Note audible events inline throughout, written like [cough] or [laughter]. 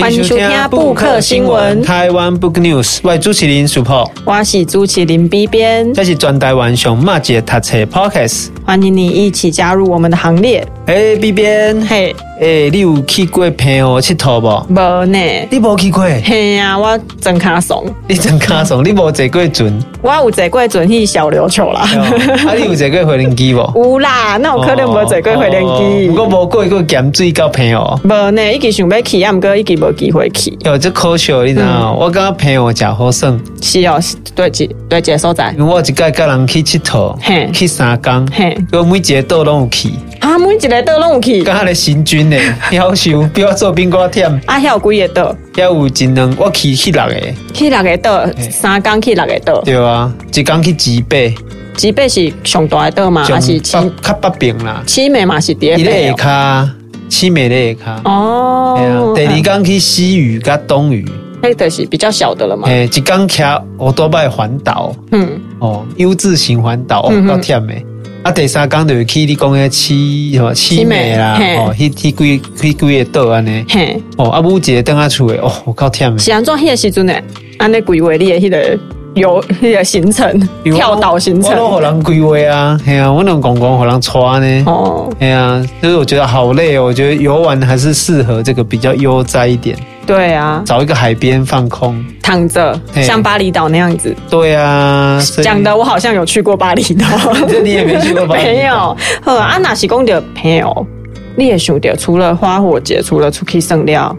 歡迎收聽布克新聞，台灣 Book News，我是主持人 Super，我是主持人 B 編，這是全台灣上馬街搭車 Podcast，歡迎你一起加入我們的行列，哎、hey，B 編，嘿、hey。哎、欸，你有去過澎湖佚佗無？無呢，你無去過。嘿啊，我真卡慫。你真卡慫，你無坐過船。我有坐過船去小琉球啦。 [laughs] 啊，你有坐過飛輪機無？ [laughs] 有啦，那有可能無坐過飛輪機。我、哦、無、哦、過過鹹水溝澎湖。無呢，一直想欲去，啊，毋過一直無機會去。有真可笑，你知道嗎、嗯？我感覺澎湖誠好耍。是哦，一集一個所在。因為我一屆個人去佚佗。嘿，去三天，我每一個島攏有去。啊，每一個島攏有去。甲迄個神軍。夭壽比我做冰瓜忝，啊，遐有幾個島，遐有一兩我去去六個？去六個島，三工去六個島。對啊，一工去吉貝？吉貝是上大的島嘛？還是七？較北爿啦，七美嘛是佇二、喔。一個下骹，七美那個下骹哦。Oh, 對啊，第、okay. 二工去西嶼加東嶼，那個是比較小的了嘛？一工騎歐兜邁環島，嗯，哦，U 字型環島夠忝的。哦嗯啊！第三天就是去你講個七什麼七美啦七，哦，去去幾去幾個島安尼，嘿，哦、喔，阿母節等阿厝誒，哦、喔，我靠是按怎迄個時陣呢，安尼規劃你個迄個遊迄個行程跳島行程，我都好難規劃啊，哎呀、啊，我能講講好難帶呢，哦，哎啊，就是我覺得好累哦，我覺得遊玩還是適合這個比較悠哉一點。對啊，找一個海邊放空，躺着，像巴厘島那樣子。對啊，講的我好像有去過巴厘島，這 [laughs] 你也沒去過吧？沒有。呃、安、啊、娜是講的，澎湖，你也想到，除了花火節，除了出去剩料，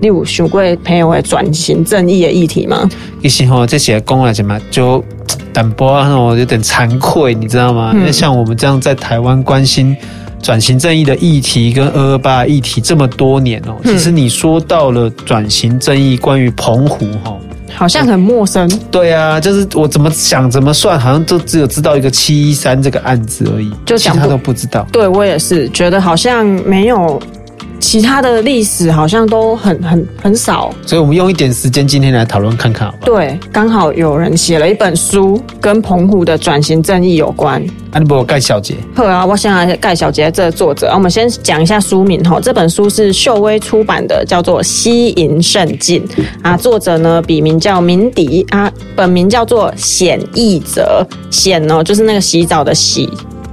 你有想過澎湖會轉型正義的議題嗎？一些哦，這些公案什麼，就等波讓我有點慚愧，你知道嗎？嗯、像我們這樣在台灣關心轉型正義的議題跟二二八議題這麼多年哦，其實你說到了轉型正義，關於澎湖吼、嗯，好像很陌生。對啊，就是我怎麼想怎麼算，好像就只有知道一個七一三這個案子而已，就其他都不知道。對，我也是覺得好像沒有。其他的歷史好像都很很很少，所以我們用一點時間今天來討論看看，好不好？對，剛好有人寫了一本書，跟澎湖的轉型正義有關。啊，你幫我蓋小姐。好啊，我現在蓋小姐這作者、啊。我們先講一下書名哈，這本書是秀威出版的，叫做《西瀛勝境、嗯》啊。作者呢，筆名叫鳴鏑啊，本名叫做冼義哲。冼哦，就是那個洗澡的洗。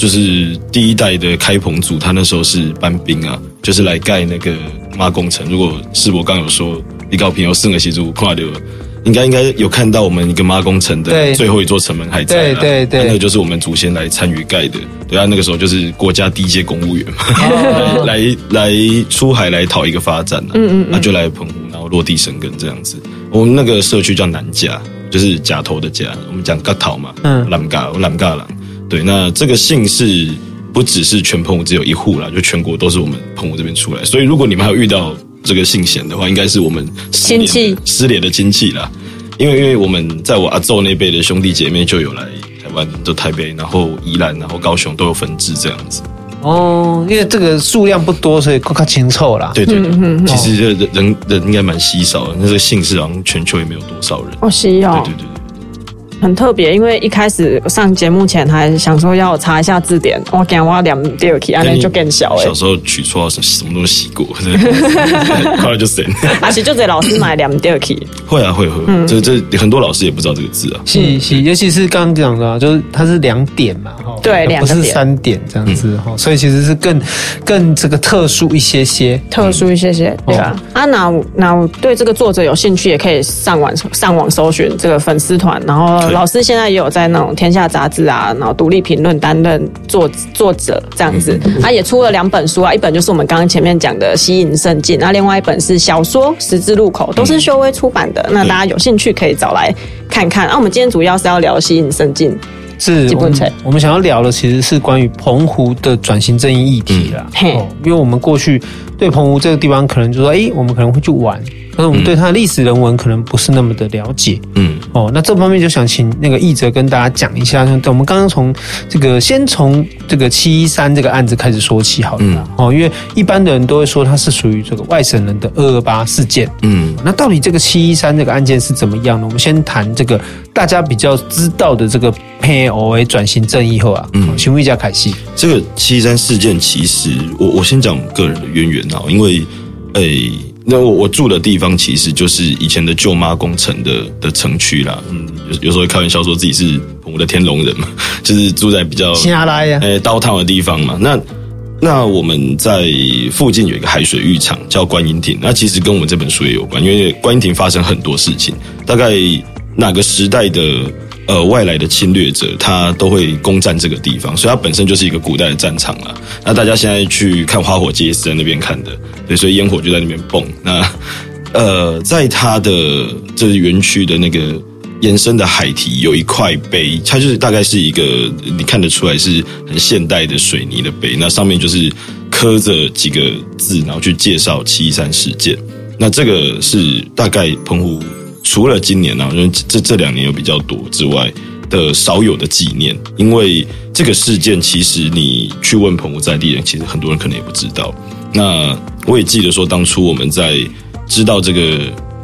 就是第一代的開澎祖，他那時候是班兵啊，就是來蓋那個媽宮城，如果是我剛有說李高平一有四個協助跨流，應該應該有看到我們一個媽宮城的最後一座城門還在。啊。對對對，對，啊、那個就是我們祖先來參與蓋的。對啊，那個時候就是國家第一屆公務員嘛 [laughs] [laughs] 來，來來來出海來討一個發展呢，啊。嗯嗯，那就來澎湖，然後落地生根這樣子。我們那個社區叫南甲，就是甲頭的甲。我們講角頭嘛，嗯，南甲，我南甲啦。對，那這個姓氏不只是全澎湖只有一戶啦，就全國都是我們澎湖這邊出來。所以如果你們還有遇到這個姓賢的話，應該是我們失聯親戚失聯的親戚啦。因為因為我們在我阿祖那輩的兄弟姐妹就有來台灣，就台北、然後宜蘭、然後高雄都有分支這樣子。哦，因為這個數量不多，所以更加清湊啦。對對對，嗯嗯嗯、其實人、哦、人人應該蠻稀少的，那這個姓氏好像全球也沒有多少人，哦，稀有、哦。對對對。很特別，因為一開始上節目前還想說要查一下字典，我給我兩 dicky，然後就更小。小時候取錯什什麼東西洗過， [laughs] [laughs] [laughs] 後來就省。而且就給老師買兩 dicky。會啊會會，這、嗯、這很多老師也不知道這個字啊。是是，尤其是剛剛講的，就是它是兩點嘛對，對，不是三點這樣子哈、嗯，所以其實是更更這個特殊一些些，特殊一些些。對啊，哦、啊那那我對這個作者有興趣，也可以上網上網搜尋這個粉絲團，然後。老師現在也有在那種《天下雜誌》啊，然後《獨立評論》擔任作作者，這樣子，他、啊、也出了兩本書啊，一本就是我們剛剛前面講的盛進《西瀛勝境》，那另外一本是小說《十字路口》，都是秀威出版的。那大家有興趣可以找來看看。那、啊、我們今天主要是要聊《西瀛勝境》，是我們，我們想要聊的其實是關於澎湖的轉型正義議題啦。因為我們過去對澎湖這個地方，可能就說，哎、欸，我們可能會去玩。可是我們對它的歷史人文可能不是那麼的了解，嗯，哦，那這方面就想請那個譯者跟大家講一下。像我們剛剛從這個先從這個七一三這個案子開始說起好了，哦、嗯，因為一般的人都會說它是屬於這個外省人的二二八事件，嗯、哦，那到底這個七一三這個案件是怎麼樣呢？我們先談這個大家比較知道的這個 P A O A 轉型正義後啊，嗯，請問一下凱西，這個七一三事件其實我我先講個人的淵源啊，因為，誒、欸。那我我住的地方其實就是以前的舊媽宮城的的城區啦，嗯、有有時候會開玩笑說，自己是澎湖的天龍人嘛，就是住在比較新來呀，誒 downtown 的地方嘛。那那我們在附近有一個海水浴場叫觀音亭，那其實跟我們這本書也有關，因為觀音亭發生很多事情，大概哪個時代的？呃，外來的侵略者，他都會攻占這個地方，所以它本身就是一個古代的戰場了。那大家現在去看花火節是在那邊看的，對，所以煙火就在那邊蹦。那呃，在它的就是園區的那個延伸的海堤有一塊碑，它就是大概是一個你看得出來是很現代的水泥的碑，那上面就是刻着幾個字，然後去介紹七一三事件。那這個是大概澎湖。除了今年呢、啊，因為這這兩年有比較多之外的少有的紀念，因為這個事件其實你去問澎湖在地人，其實很多人可能也不知道。那我也記得說，當初我們在知道這個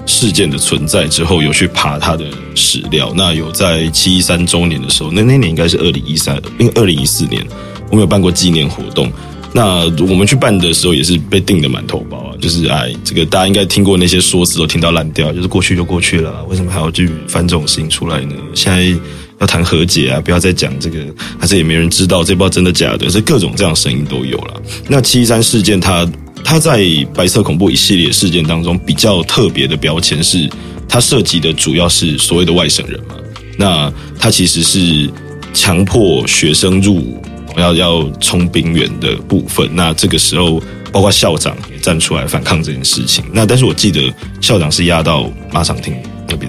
事件的存在之後，有去爬它的史料。那有在七一三週年的時候，那那年應該是二零一三，因為二零一四年我們有辦過紀念活動。那我們去辦的時候，也是被定得滿頭包啊，就是哎，這個大家應該聽過那些說辭都聽到爛掉，就是過去就過去了，為什麼還要去翻這種事情出來呢？現在要談和解啊，不要再講這個，還、啊、是也沒人知道這包真的假的，所以各種這樣的聲音都有了。那七一三事件它，它它在白色恐怖一系列事件當中比較特別的標籤是，它涉及的主要是所謂的外省人嘛。那它其實是強迫學生入伍。要要充兵員的部分，那這個時候包括校長也站出來反抗這件事情。那但是我記得校長是押到馬場町那邊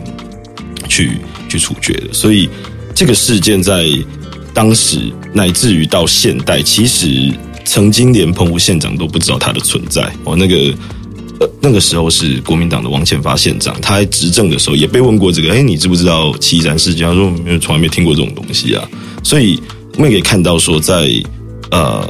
去去處決的，所以這個事件在當時乃至於到現代，其實曾經連澎湖縣長都不知道它的存在。我那個呃那個時候是國民黨的王乾發縣長，他在執政的時候也被問過這個，哎、欸，你知不知道七一三事件？他說從來沒聽過這種東西啊，所以。我們也可以看到，說在呃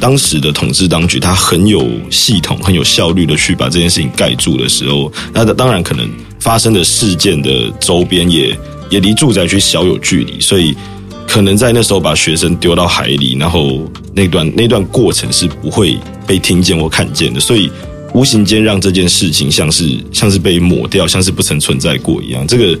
當時的統治當局，他很有系統、很有效率的去把這件事情蓋住的時候，那當然可能發生的事件的周邊也也離住宅區小有距離，所以可能在那時候把學生丟到海裡，然後那段那段過程是不會被聽見或看見的，所以無形間讓這件事情像是像是被抹掉，像是不曾存在過一樣。這個。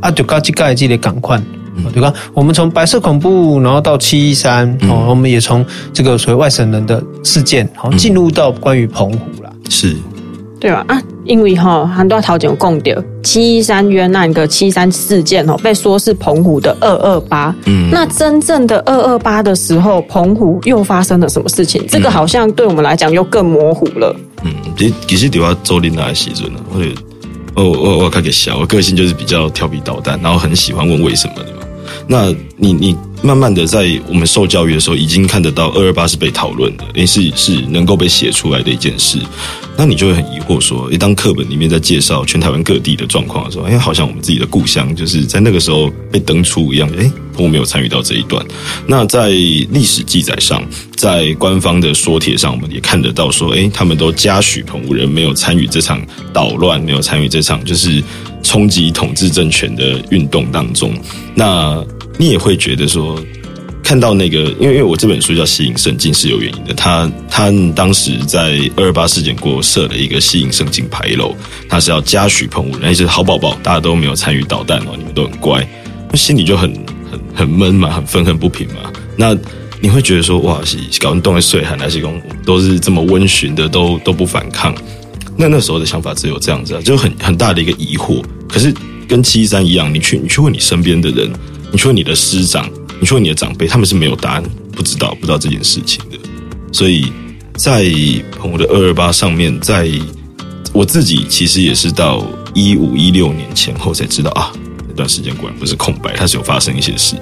啊，杜高吉蓋，記得趕快。杜高，我們從白色恐怖，然後到七一三，哦、喔，我們也從這個所謂外省人的事件，哦、嗯，進入到關於澎湖了，是，對吧？啊，因為齁很多桃檢共掉七一三冤案，跟七三事件哦，被說是澎湖的二二八。嗯，那真正的二二八的時候，澎湖又發生了什麼事情？這個好像對我們來講又更模糊了。嗯，其實其實對我做林來時陣呢，會。哦、我我我開個笑，我個性就是比較調皮搗蛋，然後很喜歡問為什麼的嘛。那你你慢慢的在我們受教育的時候，已經看得到二二八是被討論的，哎、欸，是是能夠被寫出來的一件事，那你就會很疑惑說，哎、欸，當課本裡面在介紹全台灣各地的狀況的時候，誒、欸，好像我們自己的故鄉就是在那個時候被登出一樣，誒、欸我沒有參與到這一段。那在歷史記載上，在官方的說帖上，我們也看得到說，誒，他們都嘉許澎湖人沒有參與這場搗亂，沒有參與這場就是衝擊統治政權的運動當中。那你也會覺得說，看到那個，因為因為我這本書叫《西瀛勝境》，是有原因的。他他當時在二二八事件過設了一個西瀛勝境牌樓，他是要嘉許澎湖人，那些好寶寶，大家都沒有參與搗蛋哦，你們都很乖，那心裡就很。很悶嘛，很憤恨不平嘛。那你會覺得說，哇，搞完凍西碎，喊那些公都是這麼溫馴的，都都不反抗。那那時候的想法只有這樣子，啊，就很很大的一個疑惑。可是跟七一三一樣，你去你去問你身邊的人，你去問你的師長，你去問你的長輩，他們是沒有答案，不知道不知道這件事情的。所以在我的二二八上面，在我自己其實也是到一五一六年前後才知道啊。段時間果然不是空白，它是有發生一些事。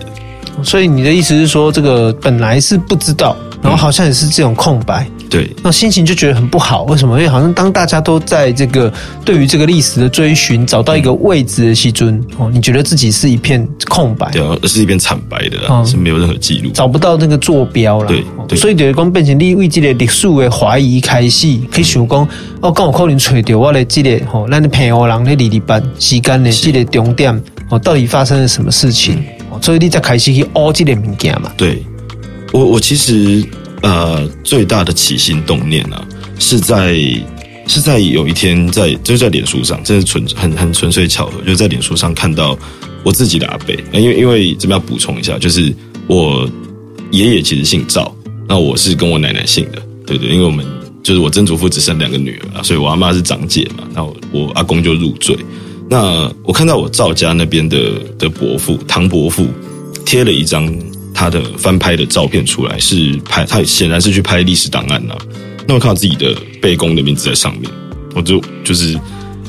所以你的意思是說，這個本來是不知道，然後好像也是這種空白。對、嗯，那心情就覺得很不好。為什麼？因為好像當大家都在這個對於這個歷史的追尋，找到一個位置的時候，嗯喔，你覺得自己是一片空白，對，而是一片慘白的，嗯，是沒有任何記錄，找不到那個坐標了。對，所以就是說變成你為這個歷史的懷疑開始去想說，說、嗯、我、哦、可能可能找到我的這個吼，咱澎湖人的二二八事件的這個重點。哦，到底發生了什麼事情？嗯、所以你才開始去學這個東西嘛？對，我我其實呃，最大的起心動念啊，是在是在有一天在就是、在臉書上，真的純很很純粹巧合，就是、在臉書上看到我自己的阿伯。因為因為這邊要補充一下，就是我爺爺其實姓趙，那我是跟我奶奶姓的，對不對,對，因為我們就是我曾祖父只剩兩個女兒，所以我阿媽是長姐嘛，然後我,我阿公就入贅。那我看到我趙家那邊的的伯父唐伯父貼了一張他的翻拍的照片出來，是拍他顯然是去拍歷史檔案吶、啊。那我看到自己的背公的名字在上面，我就就是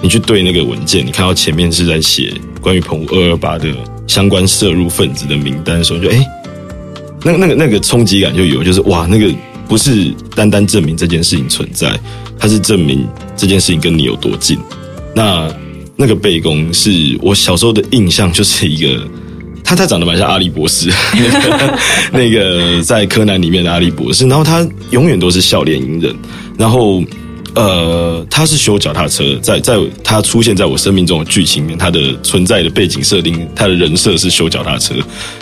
你去對那個文件，你看到前面是在寫關於澎湖二二八的相關涉入分子的名單，的時候，就哎、欸，那個那個那個衝擊感就有，就是哇，那個不是單單證明這件事情存在，它是證明這件事情跟你有多近。那。那個背公是我小時候的印象，就是一個他，他長得蠻像阿笠博士，那個、 [laughs] 那個在柯南裡面的阿笠博士。然後他永遠都是笑臉迎人。然後呃，他是修腳踏車，在在他出現在我生命中的劇情面，他的存在的背景設定，他的人設是修腳踏車。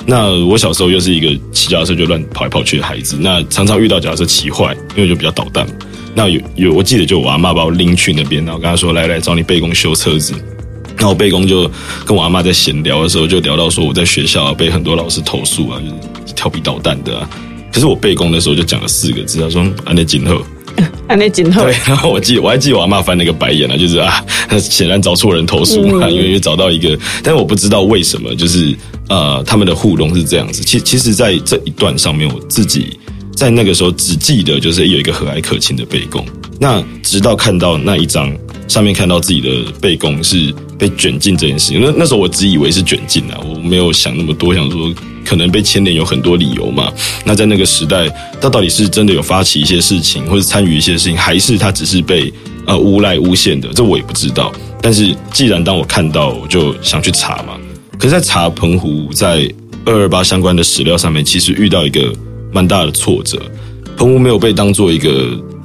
那我小時候又是一個騎腳踏車就亂跑來跑去的孩子，那常常遇到腳踏車騎壞，因為就比較搗蛋。那有有，我記得就我阿媽把我拎去那邊，然後跟他說：“來來，找你背公修車子。”那我背公就跟我阿媽在閒聊的時候，就聊到說我在學校、啊、被很多老師投訴啊，就是調皮搗蛋的啊。可是我背公的時候就講了四個字，他說：“按呢真好，按呢真好。”對。然後我記，我還記得我阿媽翻了一個白眼啊，就是啊，他顯然找錯人投訴、嗯，因為找到一個，但是我不知道為什麼，就是呃，他們的互動是這樣子。其實，其實，在這一段上面，我自己。在那個時候，只記得就是有一個和藹可親的背公。那直到看到那一張，上面看到自己的背公是被捲進這件事情。那那時候我只以為是捲進的、啊，我沒有想那麼多，想說可能被牽連有很多理由嘛。那在那個時代，他到底是真的有發起一些事情，或者參與一些事情，還是他只是被呃誣賴誣陷的？這我也不知道。但是既然當我看到，我就想去查嘛。可是，在查澎湖在二二八相關的史料上面，其實遇到一個。蠻大的挫折，澎湖沒有被當做一個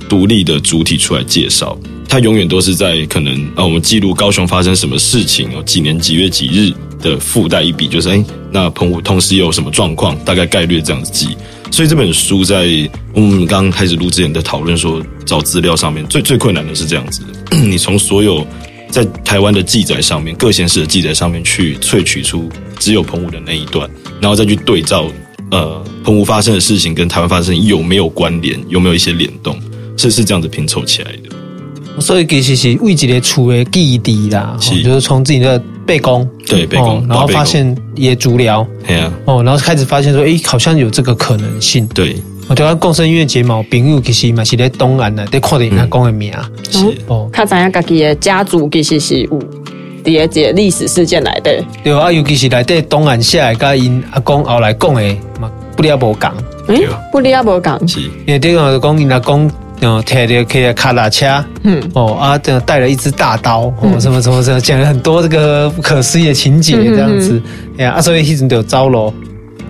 獨立的主體出來介紹，它永遠都是在可能啊，我們記錄高雄發生什麼事情，有幾年幾月幾日的附帶一筆，就是誒。那澎湖同時又有什麼狀況，大概概略這樣子記。所以這本書在我們剛，剛開始錄之前的討論說找資料上面最最困難的是這樣子，你從所有在台灣的記載上面各縣市的記載上面去萃取出只有澎湖的那一段，然後再去對照。呃，澎湖發生的事情跟台灣發生有沒有關聯？有沒有一些聯動？這是這樣子拼湊起來的。所以其實是為一個處的第一滴啦，就是從、喔、自己的伯公對伯公、喔，然後發現也足療，對、嗯、啊、嗯喔、然後開始發現說，誒、欸、好像有這個可能性。對，喔、我覺得共生音樂節嘛朋友其實嘛是在東南的，得靠點阿公的名、嗯、是哦，看怎樣自己的家族其實是有。碟解歷史事件來的，對啊，尤其是來這東岸下來，跟因阿公後來講的，布利亞波港，不利亞波港，是，也聽我的公因阿公，嗯，提着起了卡拉恰，嗯，哦、喔、啊，等帶了一支大刀、喔，嗯，什麼什麼什麼，講了很多這個不可思議的情節，這樣子，哎、嗯、呀、嗯嗯，阿、啊、所以一直都有招嘍，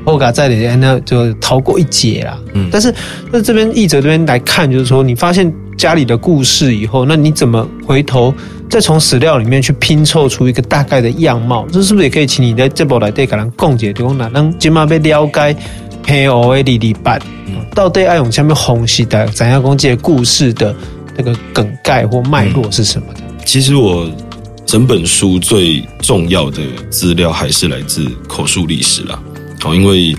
我噶在裡面呢，就逃過一劫啦。嗯，但是那這邊譯者這邊來看，就是說，你發現家裡的故事以後，那你怎麼回頭？再從史料裡面去拼湊出一個大概的樣貌，這是不是也可以請你在這部來給人講解？提供哪能起碼要了解平歐的地理版，嗯，到底要用下面紅溪的斬下公雞的故事的那個梗概或脈絡是什麼的、嗯？其實我整本書最重要的資料還是來自口述歷史了。好，因為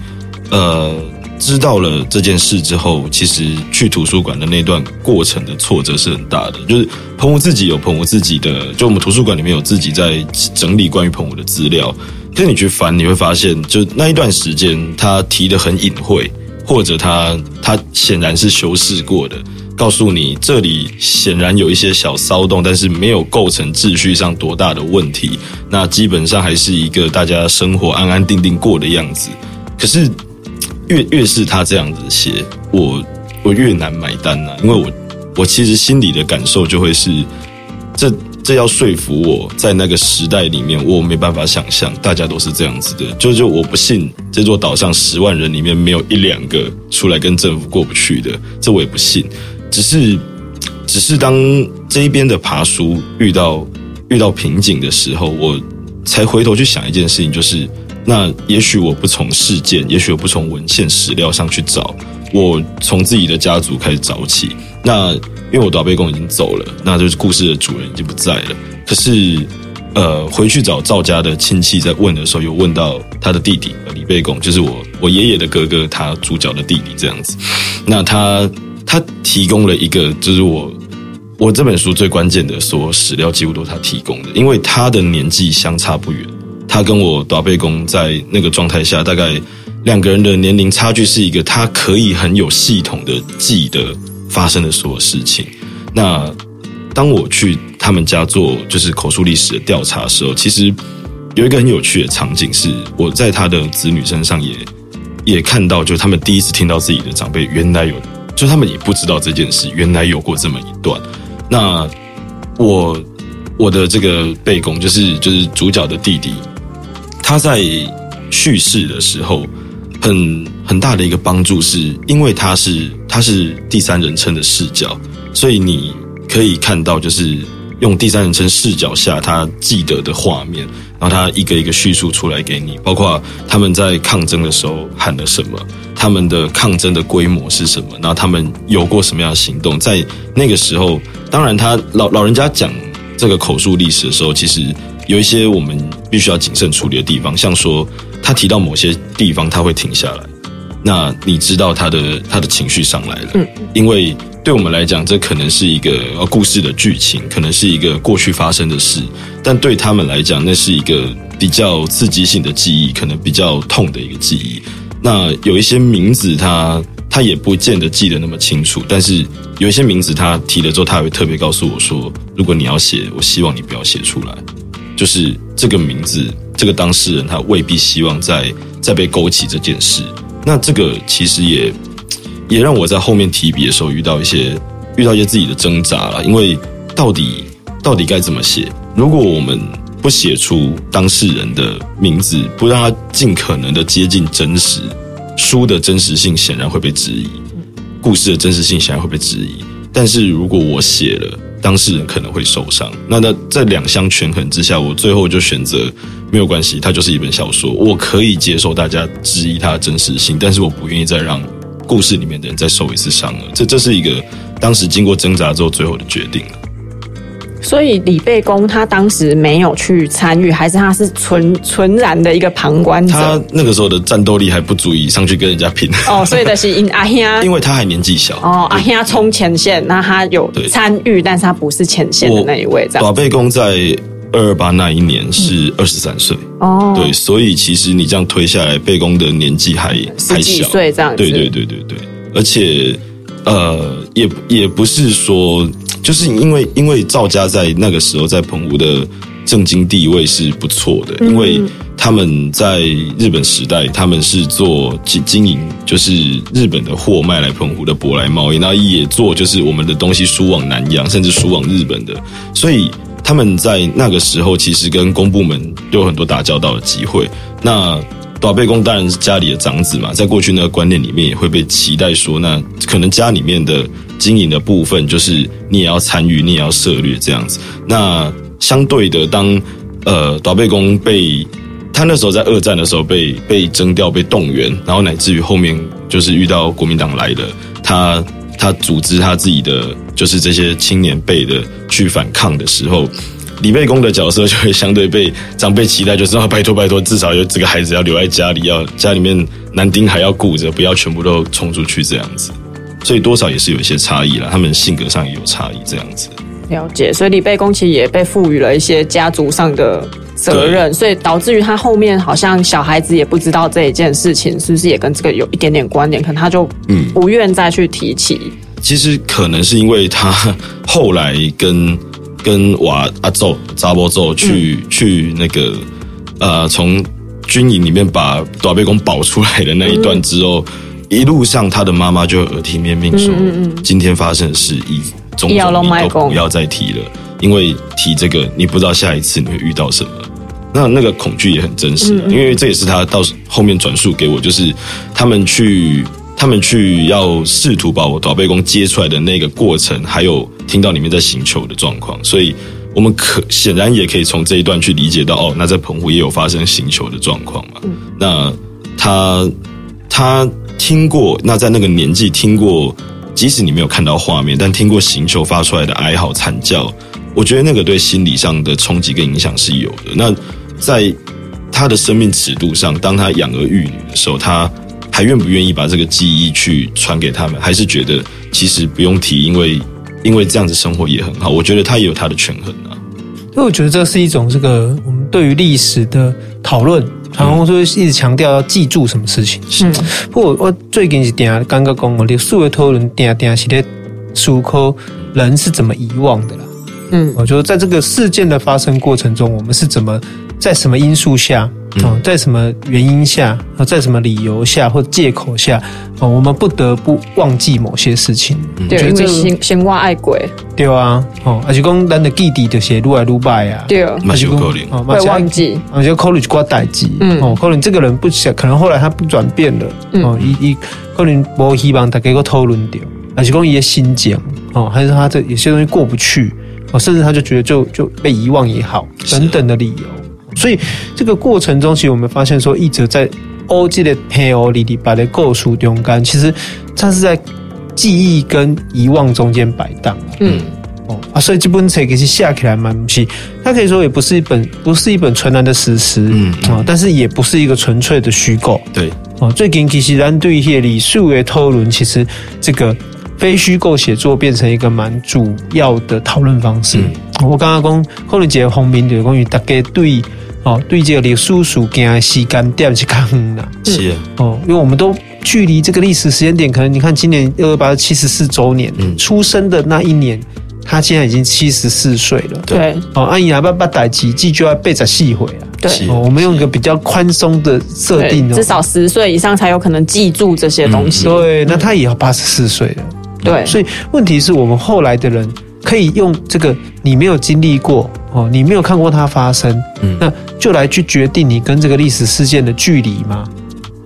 呃。知道了這件事之後，其實去圖書館的那段過程的挫折是很大的。就是澎湖自己有澎湖自己的，就我們圖書館裡面有自己在整理關於澎湖的資料。可你去翻，你會發現，就那一段時間，他提得很隱晦，或者他他顯然是修飾過的，告訴你這裡顯然有一些小騷動，但是沒有構成秩序上多大的問題。那基本上還是一個大家生活安安定定過的樣子。可是。越越是他這樣子寫，我我越難買單吶、啊，因為我我其實心裡的感受就會是，這這要說服我在那個時代裡面，我沒辦法想象大家都是這樣子的，就是、就我不信這座島上十萬人裡面沒有一兩個出來跟政府過不去的，這我也不信，只是只是當這一邊的爬梳遇到遇到瓶頸的時候，我才回頭去想一件事情，就是。那也許我不從事件，也許我不從文獻史料上去找，我從自己的家族開始找起。那因為我大伯公已經走了，那就是故事的主人已經不在了。可是，呃，回去找趙家的親戚在問的時候，有問到他的弟弟，李伯公，就是我我爺爺的哥哥，他主角的弟弟這樣子。那他他提供了一個，就是我我這本書最關鍵的說史料幾乎都是他提供的，因為他的年紀相差不遠。他跟我打背躬，在那個狀態下，大概兩個人的年齡差距，是一個，他可以很有系統的記得發生的所有事情。那當我去他們家做就是口述歷史的調查的時候，其實有一個很有趣的場景是，我在他的子女身上也也看到，就他們第一次聽到自己的長輩原來有，就他們也不知道這件事原來有過這麼一段。那我我的這個背躬，就是就是主角的弟弟。他在敘事的時候很，很，很大的一個幫助是，因為他是他是第三人稱的視角，所以你可以看到，就是用第三人稱視角下他記得的畫面，然後他一個一個敘述出來給你，包括他們在抗爭的時候喊了什麼，他們的抗爭的規模是什麼，然後他們有過什麼樣的行動。在那個時候，當然他老老人家講這個口述歷史的時候，其實。有一些我們必須要謹慎處理的地方，像說他提到某些地方他會停下來，那你知道他的他的情緒上來了，嗯，因為對我們來講，這可能是一個故事的劇情，可能是一個過去發生的事，但對他們來講，那是一個比較刺激性的記憶，可能比較痛的一個記憶。那有一些名字他，他他也不見得記得那麼清楚，但是有一些名字，他提了之後，他會特別告訴我說，如果你要寫，我希望你不要寫出來。就是這個名字，這個當事人他未必希望再再被勾起這件事。那這個其實也也讓我在後面提筆的時候遇到一些遇到一些自己的掙扎了。因為到底到底該怎麼寫？如果我們不寫出當事人的名字，不讓他盡可能的接近真實，書的真實性顯然會被質疑，故事的真實性顯然會被質疑。但是如果我寫了。當事人可能會受傷，那那在兩相權衡之下，我最後就選擇沒有關係，它就是一本小說，我可以接受大家質疑它的真實性，但是我不願意再讓故事裡面的人再受一次傷了。這這是一個當時經過掙扎之後最後的決定。所以李貝公他當時沒有去參與，還是他是純純然的一個旁觀者。哦，他那個時候的戰鬥力還不足以上去跟人家拼。哦，所以是他是阿兄， [laughs] 因為他還年紀小。哦，阿兄衝前線，那他有參與，但是他不是前線的那一位。這樣。李貝公在二二八那一年是二十三歲。哦，對，所以其實你這樣推下來，貝公的年紀還還小，十幾歲這樣子。對,對對對對對，而且呃，也也不是說。就是因為因為趙家在那個時候在澎湖的政經地位是不錯的，因為他們在日本時代他們是做經經營，就是日本的貨賣來澎湖的舶來貿易，然後也做就是我們的東西輸往南洋，甚至輸往日本的，所以他們在那個時候其實跟公部門有很多打交道的機會。那大伯公當然是家裡的長子嘛，在過去那個觀念裡面也會被期待說，那可能家裡面的經營的部分，就是你也要參與，你也要涉獵這樣子。那相對的，當呃大伯公被他那時候在二戰的時候被被徵調、被動員，然後乃至於後面就是遇到國民黨來了，他他組織他自己的，就是這些青年輩的去反抗的時候。李被公的角色就會相對被長輩期待，就是說拜托拜托，至少有這個孩子要留在家裡，要家裡面男丁還要顧着，不要全部都衝出去這樣子，所以多少也是有一些差異了。他們性格上也有差異，這樣子。了解，所以李被公其實也被賦予了一些家族上的責任，所以導致於他後面好像小孩子也不知道這一件事情是不是也跟這個有一點點關聯，可能他就嗯不願再去提起、嗯。其實可能是因為他後來跟。跟瓦阿祖扎波祖去、嗯、去那個呃，從軍營裡面把朵貝公保出來的那一段之後，嗯、一路上他的媽媽就耳提面命說嗯嗯：“今天發生的事，一總之都不要再提了、嗯，因為提這個，你不知道下一次你會遇到什麼。那那個恐懼也很真實嗯嗯，因為這也是他到後面轉述給我，就是他們去。”他們去要試圖把我倒背工接出來的那個過程，還有聽到裡面在刑求的狀況，所以我們可顯然也可以從這一段去理解到，哦，那在澎湖也有發生刑求的狀況嘛。嗯、那他他聽過，那在那個年紀聽過，即使你沒有看到畫面，但聽過刑求發出來的哀嚎慘叫，我覺得那個對心理上的衝擊跟影響是有的。那在他的生命尺度上，當他養兒育女的時候，他。還願不願意把這個記憶去傳給他們？還是覺得其實不用提，因為因為這樣子生活也很好。我覺得他也有他的權衡啊。所以我覺得這是一種這個我們對於歷史的討論。傳統文化一直強調要記住什麼事情、嗯，是。不過我最近是點剛剛講我的蘇維托倫點點系列，思考人是怎麼遺忘的啦。嗯，我覺得在這個事件的發生過程中，我們是怎麼。在什麼因素下啊、嗯？在什麼原因下啊？在什麼理由下或借口下啊？我們不得不忘記某些事情。嗯、對，因為先掛愛鬼。對啊，哦，還是講咱的記持就是愈來愈䆀啊。對啊，而且講會忘記，還是考慮一寡代志。嗯，可能這個人不想，可能後來他不轉變了。嗯，一、哦，一，可能無希望大家個討論到，啊、嗯，是講伊個心境哦，還是他這有些東西過不去啊、哦，甚至他就覺得就就被遺忘也好，等等的理由。所以這個過程中，其實我們發現說，一直在歐吉的配奧里裡把它構述用干，其實它是在記憶跟遺忘中間擺盪。嗯，哦啊，所以基本上其實寫起來蠻不細，它可以說也不是一本不是一本純然的史實，嗯啊、嗯，但是也不是一個純粹的虛構。對，哦，最近其實針對一些里數位討論，其實這個非虛構寫作變成一個蠻主要的討論方式。嗯、我剛剛講，可能結合紅民的關於大家對。哦，對，這個劉叔叔給他時間掉去幹了，是哦，因為我們都距離這個歷史時間點，可能你看今年二二八七十四週年，嗯、出生的那一年，他現在已經七十四歲了，對，哦，阿姨阿爸爸戴幾季就要背着細回了，對，哦，我們用一個比較寬鬆的設定，哦，至少十歲以上才有可能記住這些東西，嗯嗯、對，那他也要八十四歲了，嗯，對，所以問題是，我們後來的人。可以用這個你沒有經歷過哦，你沒有看過它發生，嗯那就來去決定你跟這個歷史事件的距離嗎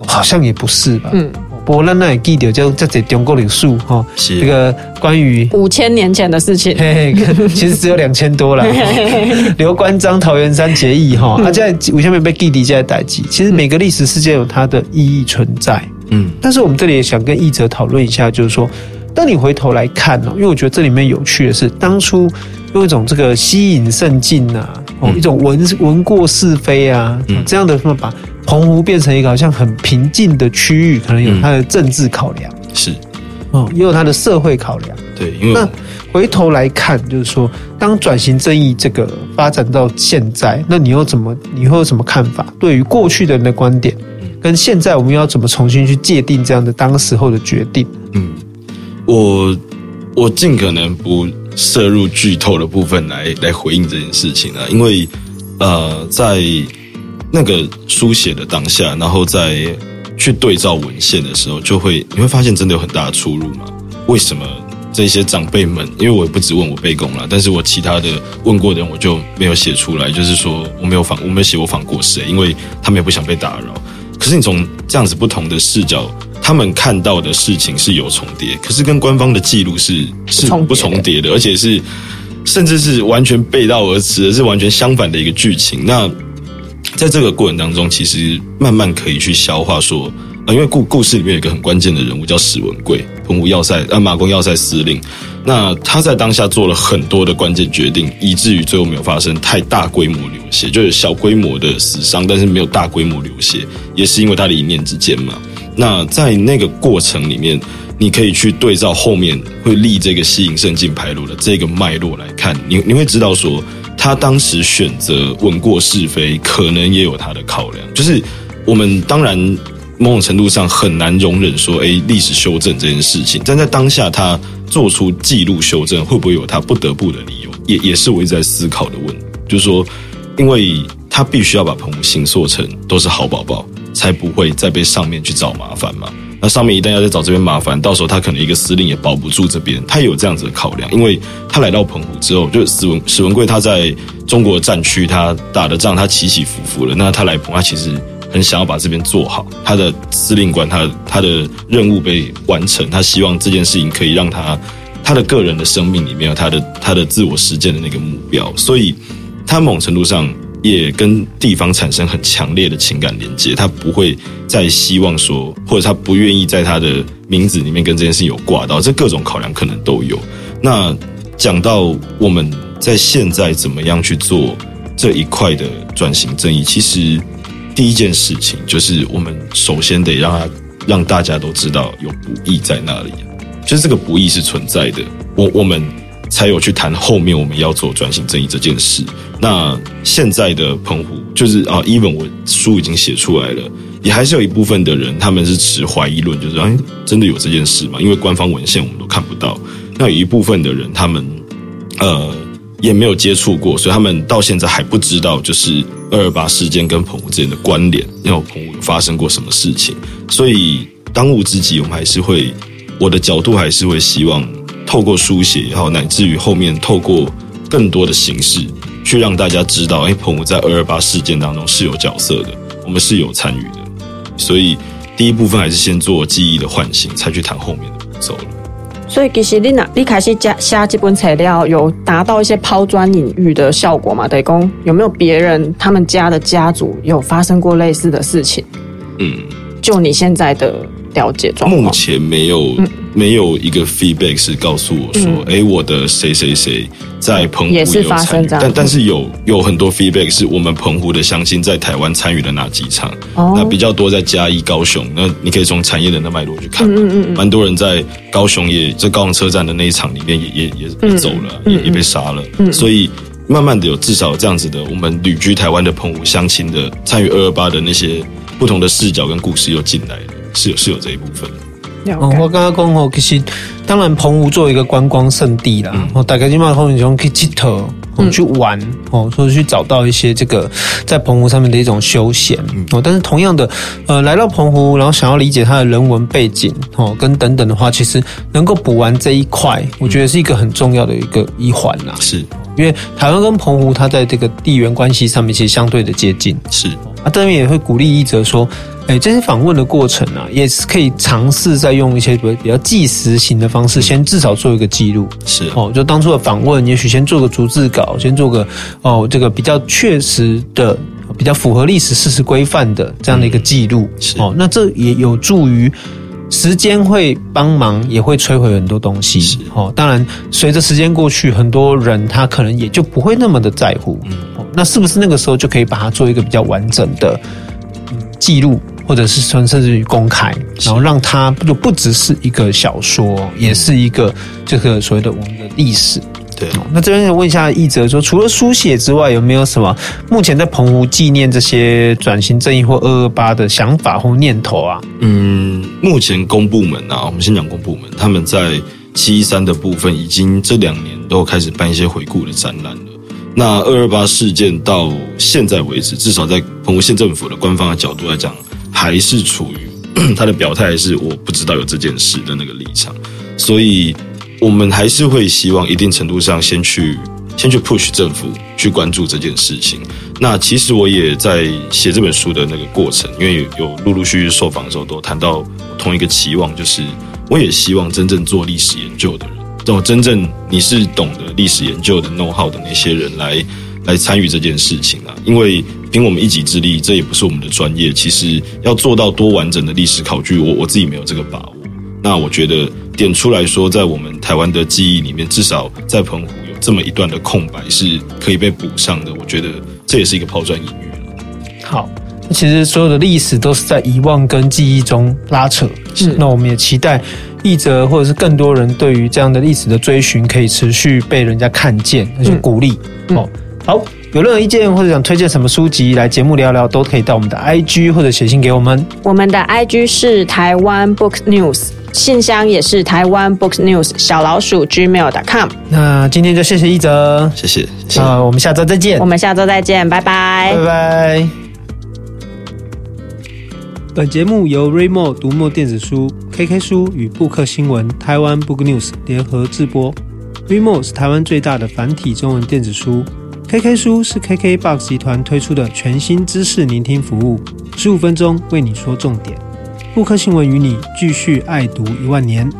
好？好像也不是吧。嗯，不過我那那也記得叫叫做中國歷史哈，是那、啊這個關於五千年前的事情。嘿嘿，其實只有兩千多了。劉 [laughs] 嘿嘿嘿關張桃園三結義哈，他在五千年前被弟弟在打擊。其實每個歷史事件有它的意義存在。嗯，但是我們這裡也想跟譯者討論一下，就是說。那你回頭來看呢，因為我覺得這裡面有趣的是，當初用一種這個西瀛勝境，啊，啊，嗯，一種文文過飾非啊，嗯、這樣的什麼把澎湖變成一個好像很平靜的區域，可能有它的政治考量，嗯、是，也有它的社會考量，對，因為。那回頭來看，就是說，當轉型正義這個發展到現在，那你又怎麼，你會有什麼看法？對於過去的人的觀點，跟現在我們要怎麼重新去界定這樣的當時候的決定？嗯。我我儘可能不涉入劇透的部分來來回應這件事情啊，因為呃，在那個書寫的當下，然後在去對照文獻的時候，就會你會發現真的有很大的出入嘛。為什麼這些長輩們？因為我也不只問我輩公了，但是我其他的問過的人，我就沒有寫出來，就是說我沒有訪，我沒有寫我訪過誰，因為他們也不想被打擾。可是你從這樣子不同的視角。他們看到的事情是有重疊，可是跟官方的記錄是是不重疊的，不重疊而且是甚至是完全背道而馳，是完全相反的一個劇情。那在這個過程當中，其實慢慢可以去消化說，啊、呃，因為故故事裡面有一個很關鍵的人物叫史文貴，澎湖要塞啊馬公要塞司令，那他在當下做了很多的關鍵決定，以至於最後沒有發生太大規模流血，就是小規模的死傷，但是沒有大規模流血，也是因為他的一念之間嘛。那在那個過程裡面，你可以去對照後面會立這個西瀛勝境牌樓的這個脈絡來看，你你會知道說，他當時選擇文過飾非，可能也有他的考量。就是我們當然某種程度上很難容忍說，哎，歷史修正這件事情，但在當下他做出記錄修正，會不會有他不得不的理由？也也是我一直在思考的問題，就是說，因為他必須要把澎湖人說成都是好寶寶。才不會再被上面去找麻煩嘛。那上面一旦要再找這邊麻煩，到時候他可能一個司令也保不住這邊。他也有這樣子的考量，因為他來到澎湖之後，就史文史文桂他在中國戰區他打的仗，他起起伏伏了。那他來澎，他其實很想要把這邊做好。他的司令官，他他的任務被完成，他希望這件事情可以讓他他的個人的生命裡面，他的他的自我實踐的那個目標。所以，他某種程度上，也跟地方產生很強烈的情感連接，他不會再希望說，或者他不願意在他的名字裡面跟這件事有掛到，這各種考量可能都有。那講到我們在現在怎麼樣去做這一塊的轉型正義，其實第一件事情就是我們首先得讓他讓大家都知道有不義在那裡，就是這個不義是存在的。我我們。才有去談後面我們要做轉型正義這件事。那現在的澎湖就是啊，even 我書已經寫出來了，也還是有一部分的人他們是持懷疑論，就是哎，真的有這件事嗎？因為官方文獻我們都看不到。那有一部分的人他們呃也沒有接觸過，所以他們到現在還不知道就是二二八事件跟澎湖之間的關聯，然後澎湖有發生過什麼事情。所以當務之急，我們還是會我的角度還是會希望。透過書寫也好，乃至於後面透過更多的形式，去讓大家知道，哎、欸，澎湖，在二二八事件當中是有角色的，我們是有參與的。所以第一部分還是先做記憶的喚醒，才去談後面的步驟了。所以其實你那，你開始寫寫這本材料，有達到一些拋磚引玉的效果嗎？對公有沒有別人他們家的家族有發生過類似的事情？嗯，就你現在的了解狀況，目前沒有、嗯。沒有一個 feedback 是告訴我說，哎、嗯，我的誰誰誰在澎湖也有參與，但但是有有很多 feedback 是我們澎湖的鄉親在台灣參與了哪幾場、哦，那比較多在嘉義、高雄。那你可以從產業的那脈絡去看、嗯嗯嗯，蠻多人在高雄也，在高雄車站的那一場裡面也也也走了，嗯、也也被殺了、嗯嗯。所以慢慢的有至少有這樣子的，我們旅居台灣的澎湖鄉親的參與二二八的那些不同的視角跟故事又進來了，是有是有這一部分。哦、okay，我剛剛講哦，其實當然，澎湖作為一個觀光勝地啦，哦、嗯，大家進碼頭以後可以去偷，哦，去玩，嗯、哦，或者去找到一些這個在澎湖上面的一種休閒，哦、嗯，但是同樣的，呃，來到澎湖，然後想要理解它的人文背景，哦，跟等等的話，其實能夠補完這一塊、嗯，我覺得是一個很重要的一個一環啦，是，因為台灣跟澎湖它在這個地緣關係上面其實相對的接近。是。那、啊、這邊也會鼓勵一則說，誒這些訪問的過程啊，也是可以嘗試再用一些比較紀實型的方式，嗯，先至少做一個記錄，是哦。就當初的訪問，也許先做個逐字稿，先做個哦這個比較確實的、比較符合歷史事實規範的這樣的一個記錄，嗯，是哦。那這也有助於時間會幫忙，也會摧毀很多東西，是哦。當然，隨着時間過去，很多人他可能也就不會那麼的在乎，嗯那是不是那個時候就可以把它做一個比較完整的記錄，或者是甚甚至於公開，然後讓它就不不只是一個小說，嗯、也是一個這個所謂的我們的歷史。對、哦，那這邊想問一下易哲，說除了書寫之外，有沒有什麼目前在澎湖紀念這些轉型正義或二二八的想法或念頭啊？嗯，目前公部門啊，我們先講公部門，他們在七一三的部分，已經這兩年都開始辦一些回顧的展覽了。那二二八事件到現在為止，至少在澎湖縣政府的官方的角度來講，還是處於他的表態是我不知道有這件事的那個立場，所以我們還是會希望一定程度上先去先去 push 政府去關注這件事情。那其實我也在寫這本書的那個過程，因為有陸陸續續受訪的時候都談到同一個期望，就是我也希望真正做歷史研究的人。種真正你是懂得歷史研究的 know how 的那些人來來參與這件事情啊，因為憑我們一己之力，這也不是我們的專業。其實要做到多完整的歷史考據，我我自己沒有這個把握。那我覺得點出來說，在我們台灣的記憶裡面，至少在澎湖有這麼一段的空白是可以被補上的。我覺得這也是一個拋磚引玉，好，其實所有的歷史都是在遺忘跟記憶中拉扯。是，那我們也期待一澤，或者是更多人對於這樣的歷史的追尋，可以持續被人家看見，而且鼓勵。好、嗯嗯哦，好，有任何意見或者想推薦什麼書籍來節目聊聊，都可以到我們的 IG 或者寫信給我們。我們的 IG 是台灣 Book News，信箱也是台灣 Book News 小老鼠 gmail.com。那今天就謝謝一澤，謝謝。那、啊、我們下週再見。我們下週再見，拜拜，拜拜。本節目由 Readmoo 讀墨電子書、KK 書與布克新聞（台灣 Book News） 聯合製播。Readmoo 是台灣最大的繁體中文電子書，KK 書是 KKBOX 集團推出的全新知識聆聽服務，十五分鐘為你說重點。布克新聞與你繼續愛讀一萬年。